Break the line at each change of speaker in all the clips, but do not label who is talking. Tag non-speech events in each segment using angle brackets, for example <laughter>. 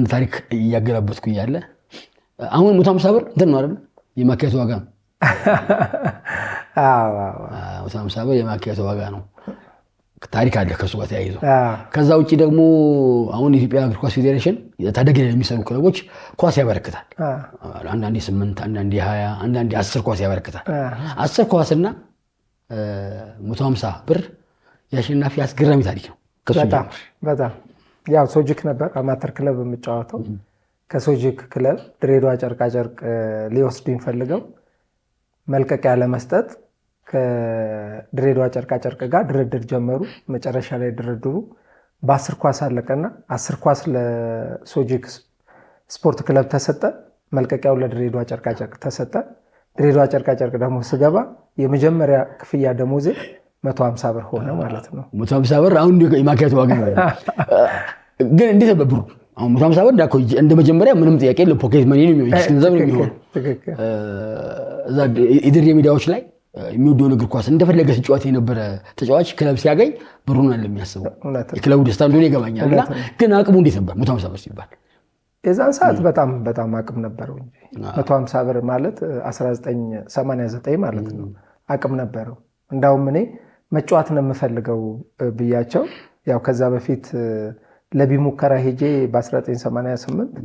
አንድ ታሪክ እያገላበጥኩ እያለ አሁን መቶ ሀምሳ ብር እንትን ነው አይደለ? የማኪያቶ ዋጋ ነው። <laughs> መቶ ሀምሳ ብር የማኪያቶ ዋጋ ነው። ታሪክ አለ ከሱ ጋር ተያይዞ። ከዛ ውጭ ደግሞ አሁን የኢትዮጵያ እግር ኳስ ፌዴሬሽን ታደግ የሚሰሩ ክለቦች ኳስ ያበረክታል። አንዳንዴ ስምንት አንዳንዴ ሀያ አንዳንዴ አስር ኳስ ያበረክታል። አስር ኳስና መቶ ሀምሳ ብር የአሸናፊ አስገራሚ ታሪክ ነው።
ያው ሶጂክ ነበር አማተር ክለብ የምጫወተው። ከሶጂክ ክለብ ድሬዳዋ ጨርቃጨርቅ ሊወስዱኝ ፈልገው መልቀቂያ ለመስጠት ከድሬዳዋ ጨርቃጨርቅ ጋር ድርድር ጀመሩ። መጨረሻ ላይ ድርድሩ በአስር ኳስ አለቀና አስር ኳስ ለሶጂክ ስፖርት ክለብ ተሰጠ። መልቀቂያው ለድሬዳዋ ጨርቃጨርቅ ተሰጠ። ድሬዳዋ ጨርቃጨርቅ ደግሞ ስገባ የመጀመሪያ ክፍያ ደሞዜ መቶ ሀምሳ ብር ሆነ ማለት ነው።
መቶ ሀምሳ ብር አሁን የማኪያቶ ዋጋ <laughs> ግን እንዴት በብሩ አሁን መቶ ሀምሳ ብር እንደ መጀመሪያ ምንም ጥያቄ የለ ፖኬት መኒ ነው የሚሆን የሚሆን እዛ ኢድር የሚዲያዎች ላይ የሚወደውን እግር ኳስ እንደፈለገ ሲጫወት የነበረ ተጫዋች ክለብ ሲያገኝ ብሩን አለ የሚያስበው የክለቡ ደስታ እንደሆነ ይገባኛል። እና ግን አቅሙ እንዴት ነበር መቶ ሀምሳ ብር ሲባል?
የዛን ሰዓት በጣም በጣም አቅም ነበረው እንጂ መቶ ሀምሳ ብር ማለት 1989 ማለት ነው። አቅም ነበረው። እንዳውም እኔ መጫወት ነው የምፈልገው ብያቸው ያው ከዛ በፊት ለቢሙከራ ሄጄ በ1988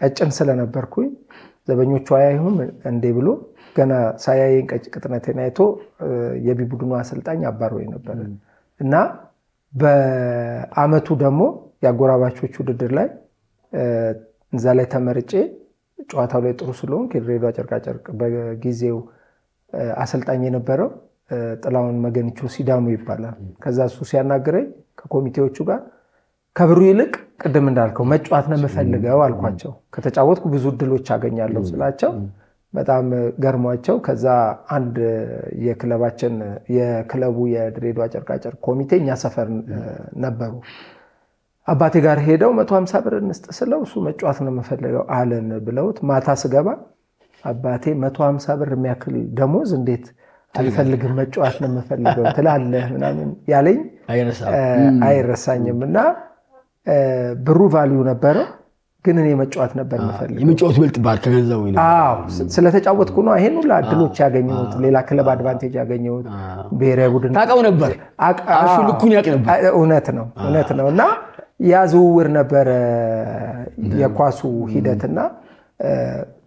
ቀጭን ስለነበርኩኝ ዘበኞቹ አያይሁም እንዴ ብሎ ገና ሳያየን ቀጭ ቅጥነቴን አይቶ የቢ ቡድኑ አሰልጣኝ አባሮኝ ነበር እና በአመቱ ደግሞ የአጎራባቾች ውድድር ላይ እዛ ላይ ተመርጬ ጨዋታው ላይ ጥሩ ስለሆን የድሬዳዋ ጨርቃጨርቅ በጊዜው አሰልጣኝ የነበረው ጥላውን መገንቸው ሲዳሙ ይባላል። ከዛ እሱ ሲያናግረኝ ከኮሚቴዎቹ ጋር ከብሩ ይልቅ ቅድም እንዳልከው መጫወት ነው የምፈልገው አልኳቸው። ከተጫወትኩ ብዙ እድሎች አገኛለሁ ስላቸው በጣም ገርሟቸው፣ ከዛ አንድ የክለባችን የክለቡ የድሬዳዋ ጨርቃጨርቅ ኮሚቴ እኛ ሰፈር ነበሩ አባቴ ጋር ሄደው መቶ ሀምሳ ብር እንስጥ ስለው እሱ መጫወት ነው የምፈልገው አለን ብለውት ማታ ስገባ አባቴ መቶ ሀምሳ ብር የሚያክል ደሞዝ እንዴት አልፈልግም መጫወት ነው የምፈልገው ትላለህ ምናምን ያለኝ አይረሳኝም። እና ብሩ ቫሊዩ ነበረ፣ ግን እኔ መጫወት ነበር የምፈልገው።
የመጫወት ይበልጥብሃል ከገንዘቡ።
ስለተጫወትኩ ነው ይሄን ሁሉ እድሎች ያገኘሁት፣ ሌላ ክለብ አድቫንቴጅ ያገኘሁት።
ብሔራዊ ቡድን ታውቀው ነበር፣ ልኩን ያውቅ ነበር።
እውነት ነው እውነት ነው። እና ያ ዝውውር ነበረ የኳሱ ሂደትና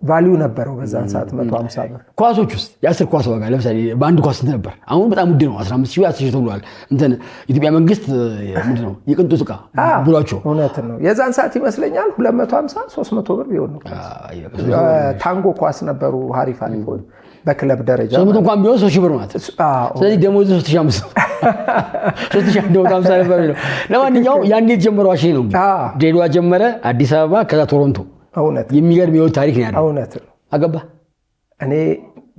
ቫሊዩ ነበረው በዛን ሰዓት መቶ ሀምሳ ብር።
ኳሶች ውስጥ የአስር ኳስ ዋጋ ለምሳሌ በአንድ ኳስ ነበር። አሁን በጣም ውድ ነው፣ አስራ አምስት ሺህ አስር ሺህ ተብሏል። እንትን ኢትዮጵያ መንግስት ምንድን ነው የቅንጦት ዕቃ ብሏቸው
እውነትን ነው። የዛን ሰዓት ይመስለኛል ሁለት መቶ ሀምሳ ሶስት መቶ ብር ቢሆን ነው። ታንጎ ኳስ ነበሩ ሀሪፍ አሪፎ በክለብ ደረጃ
ሶስት መቶ እንኳን ቢሆን ሶስት ሺህ ብር ማለት ስለዚህ ደሞዝ ሶስት ሺህ አምስት <laughs> ለማንኛውም ያኔ የተጀመረው አሸኝ ነው ድሬዳዋ ጀመረ፣ አዲስ አበባ ከዛ ቶሮንቶ
እውነት የሚገርም የሆነ ታሪክ
ነው እውነት አገባ።
እኔ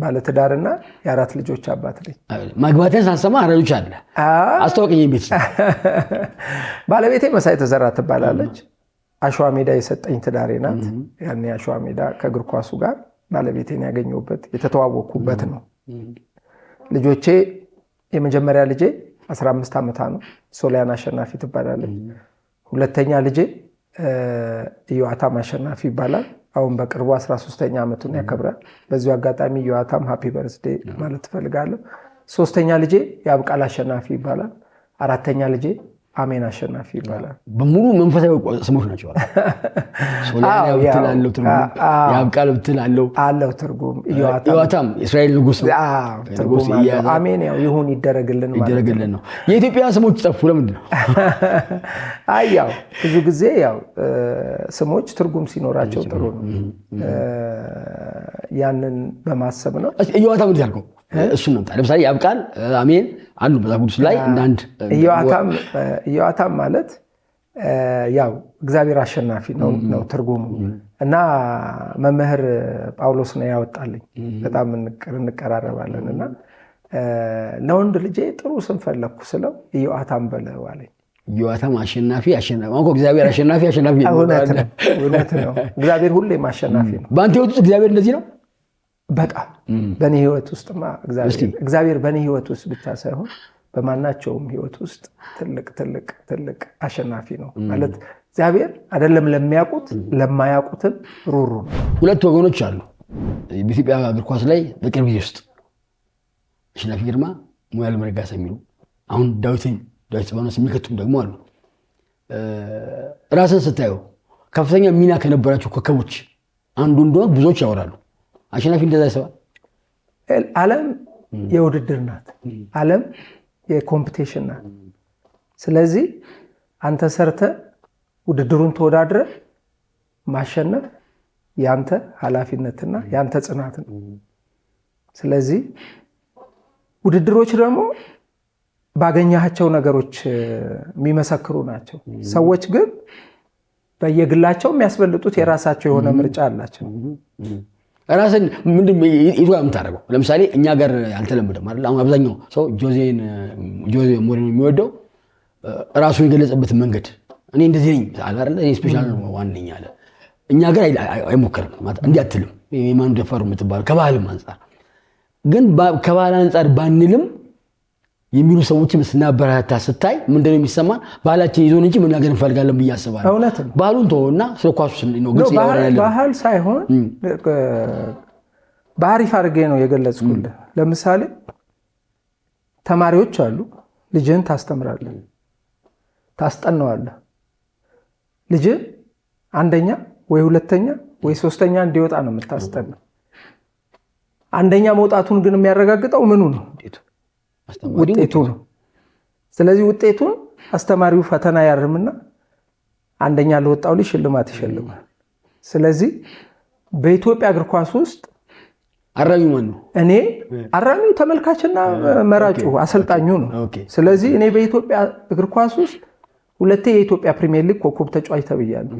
ባለትዳርና የአራት ልጆች አባት ነኝ።
ማግባትን ሳሰማ አረሎች አለ አስታወቅኝ። ቤት
<laughs> ባለቤቴ መሳይ ተዘራ ትባላለች። አሸዋ ሜዳ የሰጠኝ ትዳሬ ናት። ያኔ አሸዋ ሜዳ ከእግር ኳሱ ጋር ባለቤቴን ያገኘሁበት የተተዋወቅኩበት ነው። ልጆቼ የመጀመሪያ ልጄ 15 ዓመቷ ነው። ሶሊያን አሸናፊ ትባላለች። ሁለተኛ ልጄ ኢዮአታም አሸናፊ ይባላል። አሁን በቅርቡ 13ተኛ ዓመቱን ያከብራል። በዚሁ አጋጣሚ ኢዮአታም ሀፒ በርስዴ ማለት ትፈልጋለሁ። ሶስተኛ ልጄ የአብቃል አሸናፊ ይባላል። አራተኛ ልጄ አሜን አሸናፊ ይባላል።
በሙሉ መንፈሳዊ ስሞች ናቸው። <laughs> ያብቃል ብትል
አለው ትርጉም
ዋታም እስራኤል ንጉስ
አሜን ያው ይሁን ይደረግልን ይደረግልን ነው።
የኢትዮጵያ ስሞች ጠፉ ለምንድን ነው? <laughs>
አይ ያው ብዙ ጊዜ ያው ስሞች ትርጉም ሲኖራቸው ጥሩ ነው። ያንን በማሰብ ነው።
ዋታም እንዴት አልከው እሱን ነው። ለምሳሌ ያብቃን አሜን አሉ በዛ ጉዱስ ላይ እንዳንድ
ኢዮአታም ማለት ያው እግዚአብሔር አሸናፊ ነው ትርጉሙ እና መምህር ጳውሎስ ነው ያወጣልኝ። በጣም እንቀራረባለን እና ለወንድ ልጄ ጥሩ ስንፈለግኩ ስለው ኢዮአታም በለው አለኝ።
ኢዮአታም አሸናፊ አሸናፊ እግዚአብሔር አሸናፊ አሸናፊ
ነው። እግዚአብሔር ሁሌም አሸናፊ
ነው። በአንቴዎት ውስጥ እግዚአብሔር እንደዚህ ነው
በጣም በእኔ ህይወት ውስጥ እግዚአብሔር በእኔ ህይወት ውስጥ ብቻ ሳይሆን በማናቸውም ህይወት ውስጥ ትልቅ ትልቅ ትልቅ አሸናፊ ነው ማለት እግዚአብሔር አይደለም ለሚያውቁት ለማያውቁትም ሩሩ ነው።
ሁለት ወገኖች አሉ በኢትዮጵያ እግር ኳስ ላይ በቅርብ ጊዜ ውስጥ አሸናፊ ግርማ፣ ሙያል መረጋሰ የሚሉ አሁን ዳዊትን ዳዊት ስባኖስ የሚከቱም ደግሞ አሉ። ራስን ስታየው ከፍተኛ ሚና ከነበራቸው ኮከቦች አንዱ እንደሆን ብዙዎች ያወራሉ። አሸናፊ እንደዛ ይሰባል።
ዓለም የውድድር ናት። ዓለም የኮምፒቴሽን ናት። ስለዚህ አንተ ሰርተ ውድድሩን ተወዳድረ ማሸነፍ ያንተ ኃላፊነትና ያንተ ጽናት ነው። ስለዚህ ውድድሮች ደግሞ ባገኛቸው ነገሮች የሚመሰክሩ ናቸው። ሰዎች ግን በየግላቸው የሚያስበልጡት የራሳቸው የሆነ ምርጫ አላቸው።
ራስን ምንድን ይዞ የምታደርገው ለምሳሌ እኛ ጋር አልተለመደም አይደል? አሁን አብዛኛው ሰው ጆዜ ሞሪኖ የሚወደው ራሱን የገለጸበት መንገድ እኔ እንደዚህ ነኝ አላለ ስፔሻል ዋነኛ አለ። እኛ ጋር አይሞከርም እንዲህ አትልም። የማኑ ደፋሩ የምትባለው ከባህልም አንጻር ግን ከባህል አንጻር ባንልም የሚሉ ሰዎችም ስናበረታታ ስታይ ምንድነው የሚሰማን? ባህላችን ይዞን እንጂ መናገር እንፈልጋለን ብዬ አስባለሁ።
ባህሉን ተወውና ስለ ኳሱ ባህል ሳይሆን በአሪፍ አድርጌ ነው የገለጽኩልህ። ለምሳሌ ተማሪዎች አሉ። ልጅን ታስተምራለህ፣ ታስጠናዋለህ። ልጅህ አንደኛ ወይ ሁለተኛ ወይ ሶስተኛ እንዲወጣ ነው የምታስጠነው። አንደኛ መውጣቱን ግን የሚያረጋግጠው ምኑ ነው? ውጤቱ ነው። ስለዚህ ውጤቱን አስተማሪው ፈተና ያርምና አንደኛ ለወጣው ልጅ ሽልማት ይሸልማል። ስለዚህ በኢትዮጵያ እግር ኳስ ውስጥ አራሚ ማን ነው? እኔ አራሚው ተመልካችና መራጩ አሰልጣኙ ነው። ስለዚህ እኔ በኢትዮጵያ እግር ኳስ ውስጥ ሁለቴ የኢትዮጵያ ፕሪሚየር ሊግ ኮከብ ተጫዋች ተብያለሁ።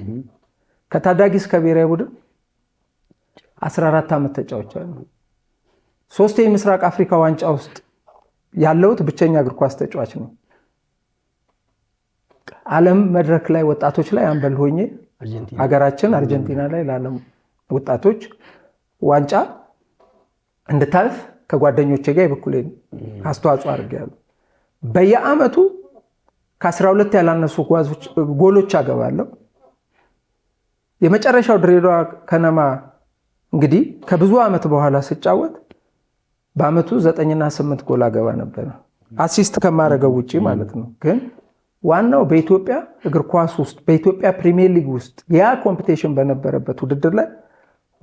ከታዳጊ እስከ ብሔራዊ ቡድን 14 ዓመት ተጫዋች ሶስቴ የምስራቅ አፍሪካ ዋንጫ ውስጥ ያለሁት ብቸኛ እግር ኳስ ተጫዋች ነው። ዓለም መድረክ ላይ ወጣቶች ላይ አንበል ሆኜ ሀገራችን አርጀንቲና ላይ ለዓለም ወጣቶች ዋንጫ እንድታልፍ ከጓደኞቼ ጋር የበኩሌን አስተዋጽኦ አድርጌያለሁ። በየዓመቱ ከ12 ያላነሱ ጎሎች አገባለሁ። የመጨረሻው ድሬዳዋ ከነማ እንግዲህ ከብዙ ዓመት በኋላ ስጫወት በአመቱ ዘጠኝና ስምንት ጎል አገባ ነበረ አሲስት ከማድረገው ውጭ ማለት ነው። ግን ዋናው በኢትዮጵያ እግር ኳስ ውስጥ በኢትዮጵያ ፕሪሚየር ሊግ ውስጥ ያ ኮምፒቴሽን በነበረበት ውድድር ላይ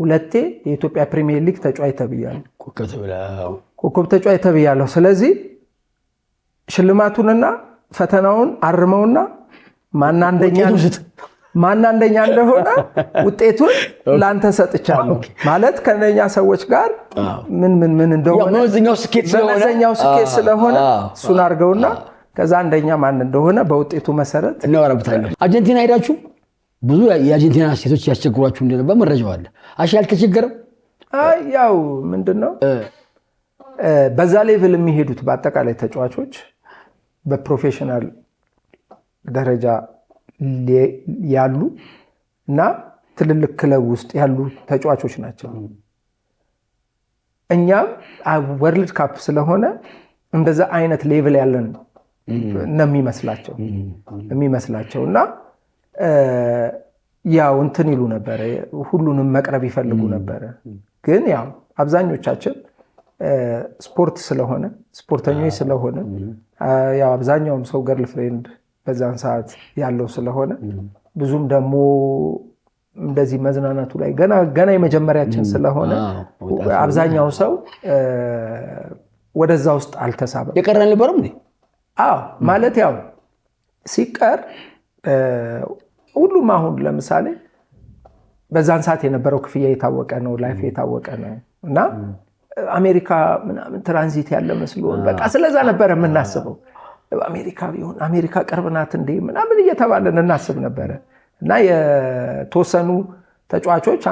ሁለቴ የኢትዮጵያ ፕሪሚየር ሊግ ተጫዋች ተብያለሁ፣ ኮከብ ተጫዋች ተብያለሁ። ስለዚህ ሽልማቱንና ፈተናውን አርመውና ማን አንደኛ ማን አንደኛ እንደሆነ ውጤቱን ለአንተ ሰጥቻለሁ ማለት ከነኛ ሰዎች ጋር ምን ምን ምን እንደሆነ ስኬት ስለሆነ እሱን አድርገውና ከዛ አንደኛ ማን እንደሆነ በውጤቱ መሰረት
እናወራበታለን። አርጀንቲና ሄዳችሁ ብዙ የአርጀንቲና ሴቶች ያስቸግሯችሁ እንደነበር መረጃው አለ። አሺ አልተቸገረም።
ያው ምንድን ነው በዛ ሌቭል የሚሄዱት በአጠቃላይ ተጫዋቾች በፕሮፌሽናል ደረጃ ያሉ እና ትልልቅ ክለብ ውስጥ ያሉ ተጫዋቾች ናቸው። እኛም ወርልድ ካፕ ስለሆነ እንደዛ አይነት ሌቭል ያለን ነው የሚመስላቸው የሚመስላቸው እና ያው እንትን ይሉ ነበረ፣ ሁሉንም መቅረብ ይፈልጉ ነበረ። ግን ያው አብዛኞቻችን ስፖርት ስለሆነ ስፖርተኞች ስለሆነ ያው አብዛኛውም ሰው ገርል ፍሬንድ በዛን ሰዓት ያለው ስለሆነ ብዙም ደግሞ እንደዚህ መዝናናቱ ላይ ገና ገና የመጀመሪያችን ስለሆነ አብዛኛው ሰው ወደዛ ውስጥ አልተሳበ የቀረ አልነበረም። አዎ ማለት ያው ሲቀር ሁሉም አሁን ለምሳሌ በዛን ሰዓት የነበረው ክፍያ የታወቀ ነው፣ ላይፍ የታወቀ ነው እና አሜሪካ ምናምን ትራንዚት ያለ መስሎ በቃ ስለዛ ነበረ የምናስበው አሜሪካ ቢሆን አሜሪካ ቅርብ ናት እንዴ ምናምን እየተባለን እናስብ ነበረ እና የተወሰኑ ተጫዋቾች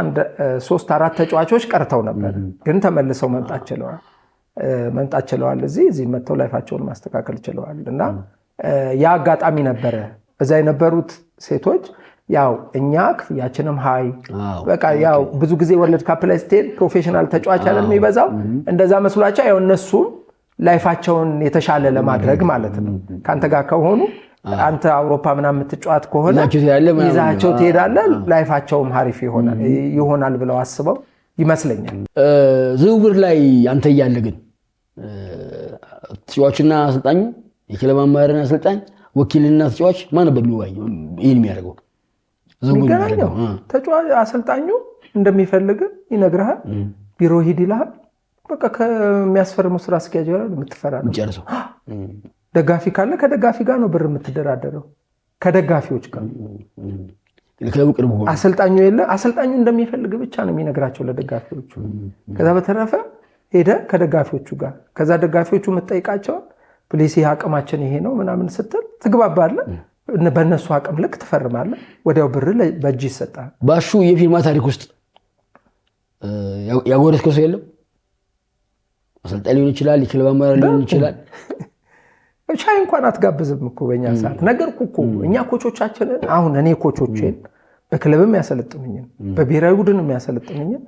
ሶስት አራት ተጫዋቾች ቀርተው ነበር፣ ግን ተመልሰው መምጣት ችለዋል መምጣት ችለዋል። እዚህ እዚህ መጥተው ላይፋቸውን ማስተካከል ችለዋል። እና ያ አጋጣሚ ነበረ። እዛ የነበሩት ሴቶች ያው እኛ ክፍያችንም ሀይ በቃ ያው ብዙ ጊዜ ወርልድ ካፕ ላይ ስትሄድ ፕሮፌሽናል ተጫዋች አለ የሚበዛው እንደዛ መስሏቸው ያው እነሱም ላይፋቸውን የተሻለ ለማድረግ ማለት ነው። ከአንተ ጋር ከሆኑ አንተ አውሮፓ ምናምን የምትጫዋት ከሆነ ይዛቸው ትሄዳለህ። ላይፋቸውም ሀሪፍ ይሆናል ብለው አስበው ይመስለኛል።
ዝውውር ላይ አንተ እያለ ግን ተጫዋችና አሰልጣኙ የክለብ አመራርና አሰልጣኝ ወኪልና ተጫዋች ማን ነበር የሚወያየው? ይህን የሚያደርገው
ዝውውር የሚገናኘው አሰልጣኙ እንደሚፈልግ ይነግርሃል። ቢሮ ሂድ ይልሃል። በቃ ከሚያስፈርመው ስራ አስኪያጅ ጋር የምትፈራ ነው። ደጋፊ ካለ ከደጋፊ ጋር ነው ብር የምትደራደረው፣ ከደጋፊዎች ጋር አሰልጣኙ የለ አሰልጣኙ እንደሚፈልግ ብቻ ነው የሚነግራቸው ለደጋፊዎቹ። ከዛ በተረፈ ሄደ ከደጋፊዎቹ ጋር ከዛ ደጋፊዎቹ የምትጠይቃቸውን ፕሊስ ይህ አቅማችን ይሄ ነው ምናምን ስትል ትግባባለ። በእነሱ አቅም ልክ ትፈርማለ። ወዲያው ብር በእጅ ይሰጣል።
ባሹ የፊርማ ታሪክ ውስጥ ያጎረስከው ሰው የለም አሰልጣኝ ሊሆን ይችላል፣ የክለብ አመራር ሊሆን ይችላል።
<laughs> ሻይ እንኳን አትጋብዝም እኮ በእኛ ሰዓት። ነገርኩ እኮ እኛ ኮቾቻችንን አሁን እኔ ኮቾቼን በክለብም ያሰለጥኑኝን በብሔራዊ ቡድንም ያሰለጥኑኝን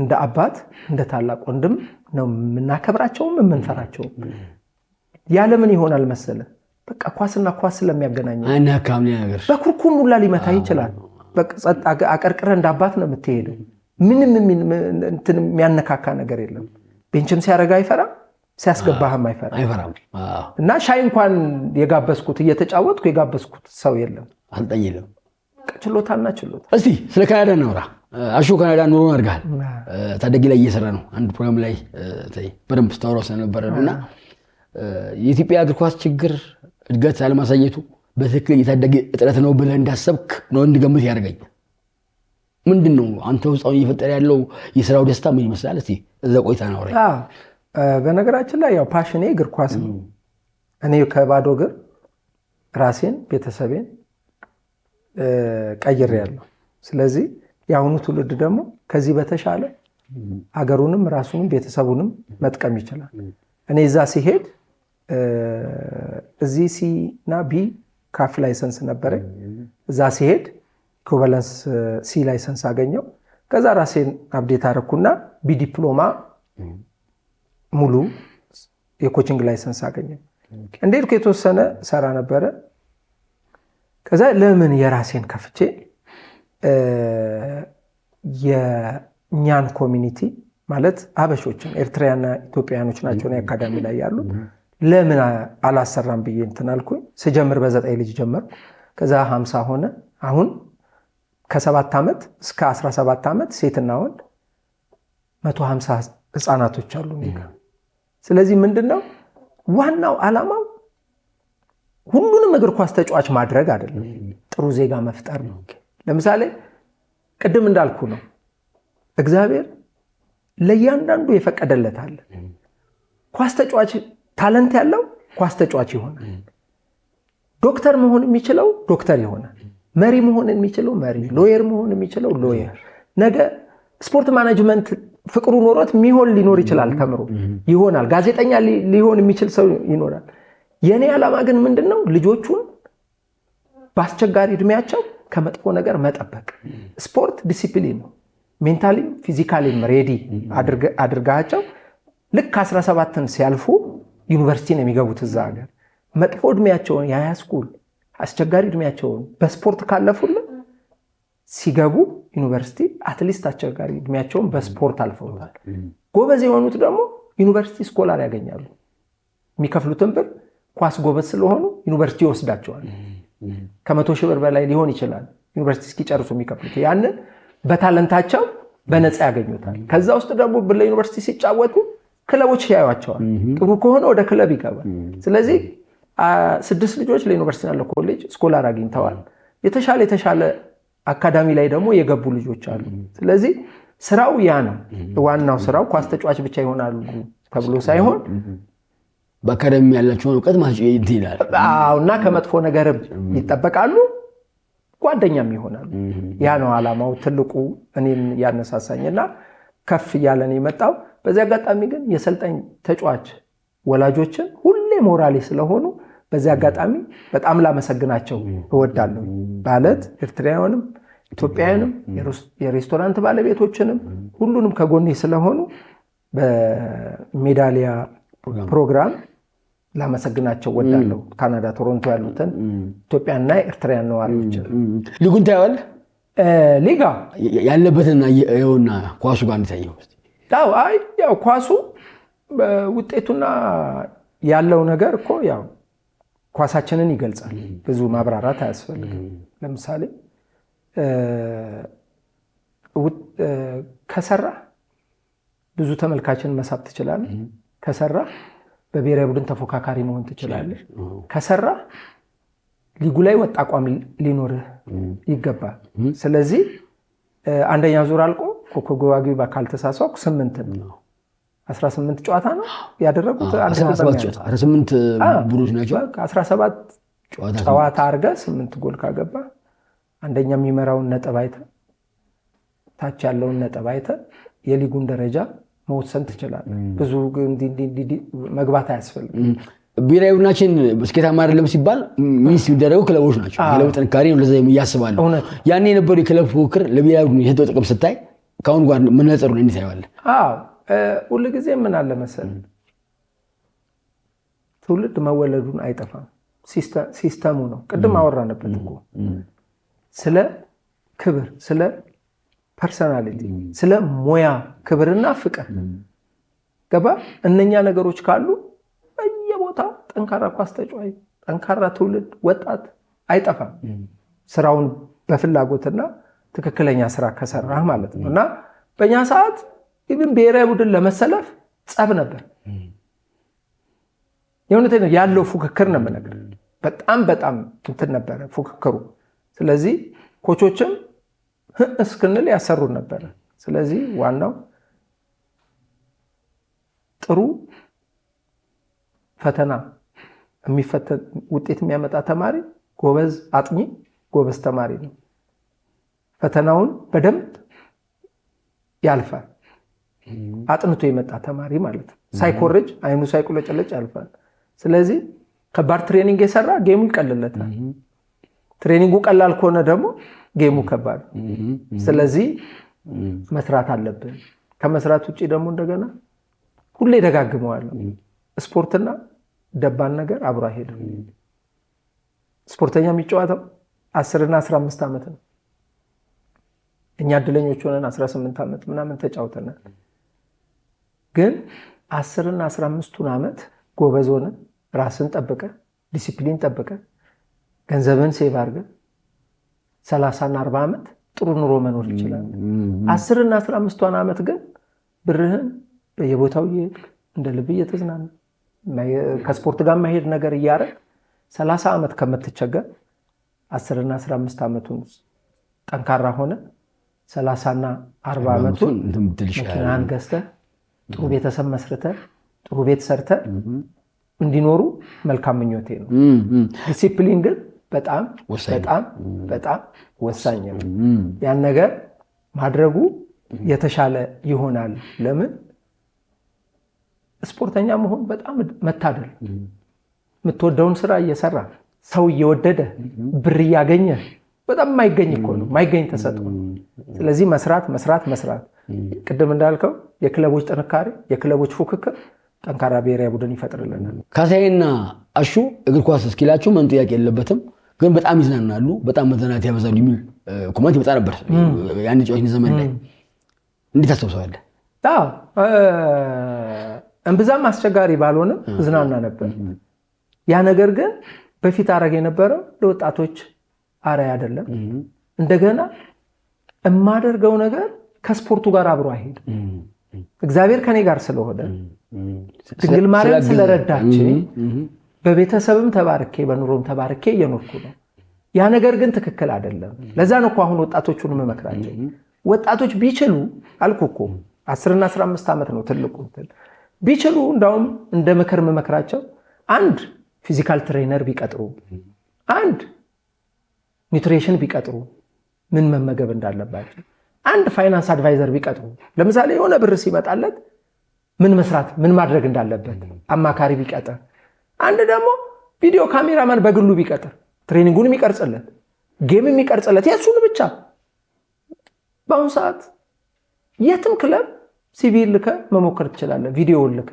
እንደ አባት እንደ ታላቅ ወንድም ነው የምናከብራቸውም የምንፈራቸውም። ያለምን ይሆናል መሰለ በቃ ኳስና ኳስ ስለሚያገናኘ በኩርኩም ሁላ ሊመታ ይችላል። አቀርቅረ እንደ አባት ነው የምትሄደው። ምንም የሚያነካካ ነገር የለም። ቤንችም ሲያደርግ አይፈራም፣ ሲያስገባህም
አይፈራም።
እና ሻይ እንኳን የጋበዝኩት እየተጫወትኩ የጋበዝኩት ሰው የለም አልጠይልም። ችሎታና ችሎታ።
እስቲ ስለ ካናዳ እናውራ። አሹ ካናዳ ኑሮ አድርገሃል። ታደጊ ላይ እየሰራ ነው። አንድ ፕሮግራም ላይ በደንብ ስታወራው ስለነበረ ነው እና የኢትዮጵያ እግር ኳስ ችግር እድገት አለማሳየቱ በትክክል እየታደገ እጥረት ነው ብለህ እንዳሰብክ ነው እንድገምት ያደርገኛል። ምንድን ነው አንተ ውስጥ አሁን እየፈጠረ ያለው የስራው ደስታ ምን ይመስላል? እስቲ እዛ ቆይታ ነው።
በነገራችን ላይ ያው ፓሽኔ እግር ኳስ ነው። እኔ ከባዶ እግር ራሴን ቤተሰቤን ቀይር ያለው። ስለዚህ የአሁኑ ትውልድ ደግሞ ከዚህ በተሻለ ሀገሩንም ራሱንም ቤተሰቡንም መጥቀም ይችላል። እኔ እዛ ሲሄድ እዚህ ሲና ቢ ካፍ ላይሰንስ ነበረኝ። እዛ ሲሄድ ኢኩቫለንስ ሲ ላይሰንስ አገኘው። ከዛ ራሴን አብዴት አረኩና ቢዲፕሎማ ሙሉ የኮችንግ ላይሰንስ አገኘ። ድኩ የተወሰነ ሰራ ነበረ። ከዛ ለምን የራሴን ከፍቼ የእኛን ኮሚኒቲ ማለት አበሾችን ኤርትራያና ኢትዮጵያውያኖች ናቸው አካዳሚ ላይ ያሉት ለምን አላሰራም ብዬ እንትናልኩኝ ስጀምር በዘጠኝ ልጅ ጀመርኩ። ከዛ ሀምሳ ሆነ አሁን ከሰባት ዓመት እስከ 17 ዓመት ሴትና ወንድ 150 ህፃናቶች አሉ። ስለዚህ ምንድን ነው ዋናው ዓላማው ሁሉንም እግር ኳስ ተጫዋች ማድረግ አይደለም፣ ጥሩ ዜጋ መፍጠር ነው። ለምሳሌ ቅድም እንዳልኩ ነው እግዚአብሔር ለእያንዳንዱ አለ። ኳስ ተጫዋች ታለንት ያለው ኳስ ተጫዋች ይሆናል። ዶክተር መሆን የሚችለው ዶክተር ይሆናል። መሪ መሆን የሚችለው መሪ፣ ሎየር መሆን የሚችለው ሎየር። ነገ ስፖርት ማናጅመንት ፍቅሩ ኖሮት የሚሆን ሊኖር ይችላል፣ ተምሮ ይሆናል። ጋዜጠኛ ሊሆን የሚችል ሰው ይኖራል። የእኔ ዓላማ ግን ምንድን ነው? ልጆቹን በአስቸጋሪ እድሜያቸው ከመጥፎ ነገር መጠበቅ። ስፖርት ዲሲፕሊን ነው። ሜንታሊም ፊዚካሊም ሬዲ አድርጋቸው ልክ 17ን ሲያልፉ ዩኒቨርሲቲ ነው የሚገቡት እዛ ሀገር መጥፎ እድሜያቸውን ስኩል አስቸጋሪ እድሜያቸውን በስፖርት ካለፉል ሲገቡ ዩኒቨርሲቲ አትሊስት አስቸጋሪ እድሜያቸውን በስፖርት አልፈውታል። ጎበዝ የሆኑት ደግሞ ዩኒቨርሲቲ ስኮላር ያገኛሉ። የሚከፍሉትን ብር ኳስ ጎበዝ ስለሆኑ ዩኒቨርሲቲ ይወስዳቸዋል። ከመቶ ሺህ ብር በላይ ሊሆን ይችላል ዩኒቨርሲቲ እስኪጨርሱ የሚከፍሉት። ያንን በታለንታቸው በነፃ ያገኙታል። ከዛ ውስጥ ደግሞ ዩኒቨርሲቲ ሲጫወቱ ክለቦች ያዩቸዋል። ጥሩ ከሆነ ወደ ክለብ ይገባል። ስለዚህ ስድስት ልጆች ያለ ኮሌጅ ስኮላር አግኝተዋል። የተሻለ የተሻለ አካዳሚ ላይ ደግሞ የገቡ ልጆች አሉ። ስለዚህ ስራው ያ ነው። ዋናው ስራው ኳስ ተጫዋች ብቻ ይሆናሉ ተብሎ ሳይሆን
በአካዳሚ ያላቸውን እውቀት ማ
ይላል እና ከመጥፎ ነገርም ይጠበቃሉ፣ ጓደኛም ይሆናሉ። ያ ነው አላማው ትልቁ እኔን ያነሳሳኝና ከፍ እያለን የመጣው። በዚህ አጋጣሚ ግን የሰልጣኝ ተጫዋች ወላጆችን ሁሌ ሞራሌ ስለሆኑ በዚህ አጋጣሚ በጣም ላመሰግናቸው እወዳለሁ። ማለት ኤርትራውያንም ኢትዮጵያውያንም የሬስቶራንት ባለቤቶችንም ሁሉንም ከጎኔ ስለሆኑ በሜዳሊያ ፕሮግራም ላመሰግናቸው ወዳለሁ። ካናዳ ቶሮንቶ ያሉትን ኢትዮጵያና ኤርትራያን ነዋሪዎች ሊጉን ሊጋ
ያለበትን ይኸውና ኳሱ ጋር እንታየው።
ኳሱ ውጤቱና ያለው ነገር እኮ ያው ኳሳችንን ይገልጻል። ብዙ ማብራራት አያስፈልግም። ለምሳሌ ከሰራ ብዙ ተመልካችን መሳብ ትችላለ ከሰራ በብሔራዊ ቡድን ተፎካካሪ መሆን ትችላለህ። ከሰራ ሊጉ ላይ ወጥ አቋም ሊኖርህ ይገባል። ስለዚህ አንደኛ ዙር አልቆ ኮከብ በአካል ተሳሳኩ ስምንት ነው። 18 ጨዋታ ነው ያደረጉት። 18 ቡድኖች ናቸው። 17 ጨዋታ አርገ 8 ጎል ካገባ አንደኛ የሚመራውን ነጥብ አይተህ ታች ያለውን ነጥብ አይተህ የሊጉን ደረጃ መወሰን ትችላለህ። ብዙ መግባት አያስፈልግም። ብሔራዊ ቡድናችን ስኬታማ አይደለም ሲባል ሚስ የሚደረገው ክለቦች ናቸው። ክለቡ ጥንካሬ ነው። ለዛ እያስባለሁ ያኔ የነበሩ የክለብ ፉክክር ለብሔራዊ ቡድኑ የሰጠው ጥቅም ስታይ ከአሁን ጋር መነጸሩን እንዲታየዋለን ሁል ጊዜ ምን አለ ትውልድ መወለዱን አይጠፋም። ሲስተሙ ነው። ቅድም አወራንበት እኮ ስለ ክብር፣ ስለ ፐርሰናሊቲ፣ ስለ ሙያ ክብርና ፍቅር ገባ። እነኛ ነገሮች ካሉ በየቦታ ጠንካራ ኳስ ተጫዋይ፣ ጠንካራ ትውልድ ወጣት አይጠፋም። ስራውን በፍላጎትና ትክክለኛ ስራ ከሰራህ ማለት ነው እና በእኛ ሰዓት ኢቭን ብሔራዊ ቡድን ለመሰለፍ ጸብ ነበር። የእውነቴን ነው ያለው ፉክክር ነው የምነግርህ። በጣም በጣም እንትን ነበረ ፉክክሩ። ስለዚህ ኮቾችም <laughs> እስክንል ያሰሩን ነበረ። ስለዚህ ዋናው ጥሩ ፈተና የሚፈተን ውጤት የሚያመጣ ተማሪ ጎበዝ አጥኚ፣ ጎበዝ ተማሪ ነው። ፈተናውን በደንብ ያልፋል። አጥንቶ የመጣ ተማሪ ማለት ነው። ሳይኮርጅ አይኑ ሳይቁለጨለጭ ያልፋል። ስለዚህ ከባድ ትሬኒንግ የሰራ ጌሙ ይቀልለታል። ትሬኒንጉ ቀላል ከሆነ ደግሞ ጌሙ ከባድ። ስለዚህ መስራት አለብን። ከመስራት ውጭ ደግሞ እንደገና ሁሌ ደጋግመዋለሁ፣ ስፖርትና ደባን ነገር አብሮ አይሄድም። ስፖርተኛ የሚጫወተው አስርና አስራ አምስት ዓመት ነው። እኛ እድለኞች ሆነን 18 ዓመት ምናምን ተጫውተናል። ግን አስርና አስራ አምስቱን ዓመት ጎበዝ ሆነ ራስን ጠበቀ፣ ዲሲፕሊን ጠበቀ፣ ገንዘብን ሴቭ አድርገ ሰላሳና አርባ ዓመት ጥሩ ኑሮ መኖር ይችላል። አስርና አስራ አምስቷን ዓመት ግን ብርህን በየቦታው እየሄድክ እንደ ልብ እየተዝናነ ከስፖርት ጋር መሄድ ነገር እያደረግ ሰላሳ ዓመት ከምትቸገር አስርና አስራ አምስት ዓመቱን ጠንካራ ሆነ ሰላሳና አርባ ዓመቱን መኪናን ገዝተህ ጥሩ ቤተሰብ መስርተ ጥሩ ቤት ሰርተ እንዲኖሩ መልካም ምኞቴ ነው። ዲሲፕሊን ግን በጣም በጣም በጣም ወሳኝ ነው። ያን ነገር ማድረጉ የተሻለ ይሆናል። ለምን ስፖርተኛ መሆን በጣም መታደል፣ የምትወደውን ስራ እየሰራ ሰው እየወደደ ብር እያገኘ በጣም የማይገኝ እኮ ነው፣ የማይገኝ ተሰጥ። ስለዚህ መስራት መስራት መስራት። ቅድም እንዳልከው የክለቦች ጥንካሬ፣ የክለቦች ፉክክር ጠንካራ ብሔራዊ ቡድን ይፈጥርልናል። ካሳይና አሹ እግር ኳስ እስኪላችሁ መን ጥያቄ የለበትም፣ ግን በጣም ይዝናናሉ፣ በጣም መዝናናት ያበዛሉ የሚል ኮመንት ይመጣ ነበር የአንድ ጫዎች ዘመን ላይ። እንዴት አስታውሰዋለህ? እምብዛም አስቸጋሪ ባልሆንም እዝናና ነበር። ያ ነገር ግን በፊት አረግ የነበረው ለወጣቶች አርአያ አይደለም። እንደገና የማደርገው ነገር ከስፖርቱ ጋር አብሮ አይሄድ እግዚአብሔር ከኔ ጋር ስለሆነ ድንግል ማርያም ስለረዳች በቤተሰብም ተባርኬ በኑሮም ተባርኬ እየኖርኩ ነው። ያ ነገር ግን ትክክል አይደለም። ለዛ ነው እኮ አሁን ወጣቶቹን መመክራቸው። ወጣቶች ቢችሉ አልኩ እኮ አስርና አስራ አምስት ዓመት ነው ትልቁ ቢችሉ እንዳውም እንደ ምክር መመክራቸው አንድ ፊዚካል ትሬነር ቢቀጥሩ አንድ ኒትሬሽን ቢቀጥሩ ምን መመገብ እንዳለባቸው አንድ ፋይናንስ አድቫይዘር ቢቀጥሩ ለምሳሌ የሆነ ብር ሲመጣለት ምን መስራት ምን ማድረግ እንዳለበት አማካሪ ቢቀጥር፣ አንድ ደግሞ ቪዲዮ ካሜራማን በግሉ ቢቀጥር ትሬኒንጉን የሚቀርጽለት ጌም የሚቀርጽለት የእሱን ብቻ። በአሁኑ ሰዓት የትም ክለብ ሲቪ ልከ መሞከር ትችላለ ቪዲዮውን ልከ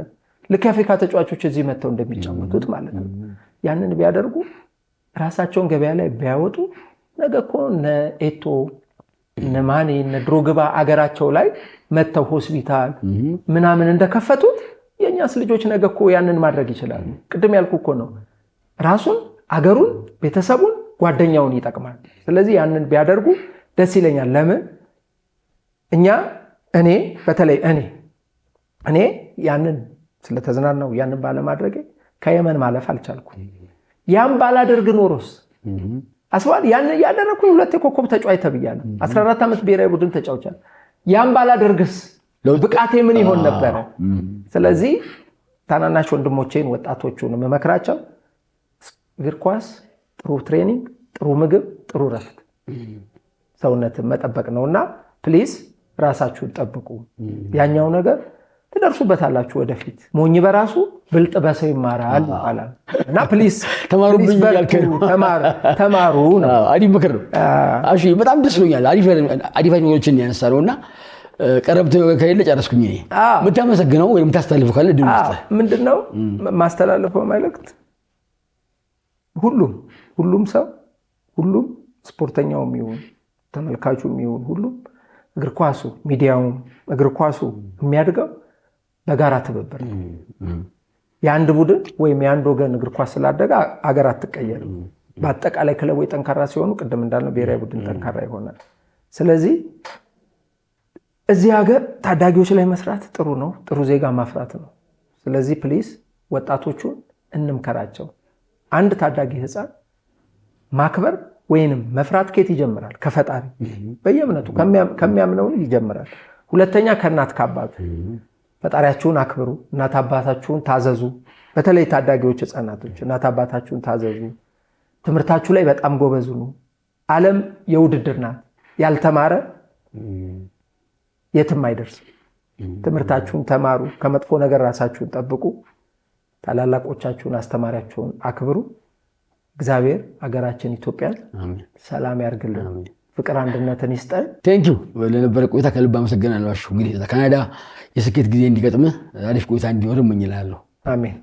ልክ የአፍሪካ ተጫዋቾች እዚህ መጥተው እንደሚጫወቱት ማለት ነው። ያንን ቢያደርጉ ራሳቸውን ገበያ ላይ ቢያወጡ ነገ እኮ ነኤቶ ነማኔ እነ አገራቸው ላይ መጥተው ሆስፒታል ምናምን እንደከፈቱት የእኛስ ልጆች ነገ እኮ ያንን ማድረግ ይችላል ቅድም ያልኩ እኮ ነው ራሱን አገሩን፣ ቤተሰቡን፣ ጓደኛውን ይጠቅማል። ስለዚህ ያንን ቢያደርጉ ደስ ይለኛል። ለምን እኛ እኔ በተለይ እኔ እኔ ያንን ስለተዝናናው ያንን ባለማድረጌ ከየመን ማለፍ አልቻልኩም። ያን ባላደርግ ኖሮስ አስባል ያን ያደረኩኝ ሁለት የኮከብ ተጫዋች ተብያለሁ። 14 ዓመት ብሔራዊ ቡድን ተጫውቻል ያን ባላደርግስ ብቃቴ ምን ይሆን ነበረ? ስለዚህ ታናናሽ ወንድሞቼን ወጣቶቹን መመክራቸው እግር ኳስ ጥሩ ትሬኒንግ፣ ጥሩ ምግብ፣ ጥሩ ረፍት፣ ሰውነትን መጠበቅ ነውና ፕሊዝ ራሳችሁን ጠብቁ። ያኛው ነገር ትደርሱበታላችሁ ወደፊት። ሞኝ በራሱ ብልጥ በሰው ይማራል ይባላል እና ፕሊስ ተማሩብኝ ተማሩ ነው። አሪፍ ምክር ነው። በጣም ደስ ብሎኛል። አሪፍ ነገሮችን ያነሳ ነው እና ቀረብት ከሌለ ጨረስኩኝ። የምታመሰግነው ወይም የምታስተላልፈው ካለ ምንድን ነው ማስተላለፈው መልእክት? ሁሉም ሁሉም ሰው ሁሉም ስፖርተኛው የሚሆን ተመልካቹ የሚሆን ሁሉም እግር ኳሱ ሚዲያውም እግር ኳሱ የሚያድገው በጋራ ትብብር ነው። የአንድ ቡድን ወይም የአንድ ወገን እግር ኳስ ስላደገ አገር አትቀየርም። በአጠቃላይ ክለቦች ጠንካራ ሲሆኑ፣ ቅድም እንዳልነው ብሔራዊ ቡድን ጠንካራ ይሆናል። ስለዚህ እዚህ ሀገር ታዳጊዎች ላይ መስራት ጥሩ ነው፣ ጥሩ ዜጋ ማፍራት ነው። ስለዚህ ፕሊስ ወጣቶቹን እንምከራቸው። አንድ ታዳጊ ህፃን ማክበር ወይንም መፍራት ኬት ይጀምራል? ከፈጣሪ በየእምነቱ ከሚያምነው ይጀምራል። ሁለተኛ ከእናት ከአባት ፈጣሪያችሁን አክብሩ፣ እናት አባታችሁን ታዘዙ። በተለይ ታዳጊዎች ህፃናቶች እናት አባታችሁን ታዘዙ። ትምህርታችሁ ላይ በጣም ጎበዝ ሁኑ። ዓለም የውድድር ናት። ያልተማረ የትም አይደርስም። ትምህርታችሁን ተማሩ። ከመጥፎ ነገር ራሳችሁን ጠብቁ። ታላላቆቻችሁን፣ አስተማሪያችሁን አክብሩ። እግዚአብሔር ሀገራችን ኢትዮጵያን ሰላም ያርግልን። ፍቅር አንድነትን ይስጠን። ቴንኪ ለነበረ ቆይታ ከልብ አመሰግናለሁ። አሹ እንግዲህ ካናዳ የስኬት ጊዜ እንዲገጥም አሪፍ ቆይታ እንዲኖር እመኝልሃለሁ። አሜን።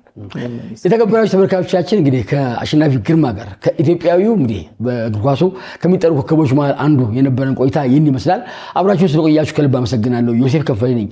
የተከበራችሁ ተመልካቾቻችን እንግዲህ ከአሸናፊ ግርማ ጋር ከኢትዮጵያዊው እንግዲህ በእግር ኳሱ ከሚጠሩ ኮከቦች መሃል አንዱ የነበረን ቆይታ ይህን ይመስላል። አብራችሁን ስለቆያችሁ ከልብ አመሰግናለሁ። ዮሴፍ ከፈለ ነኝ።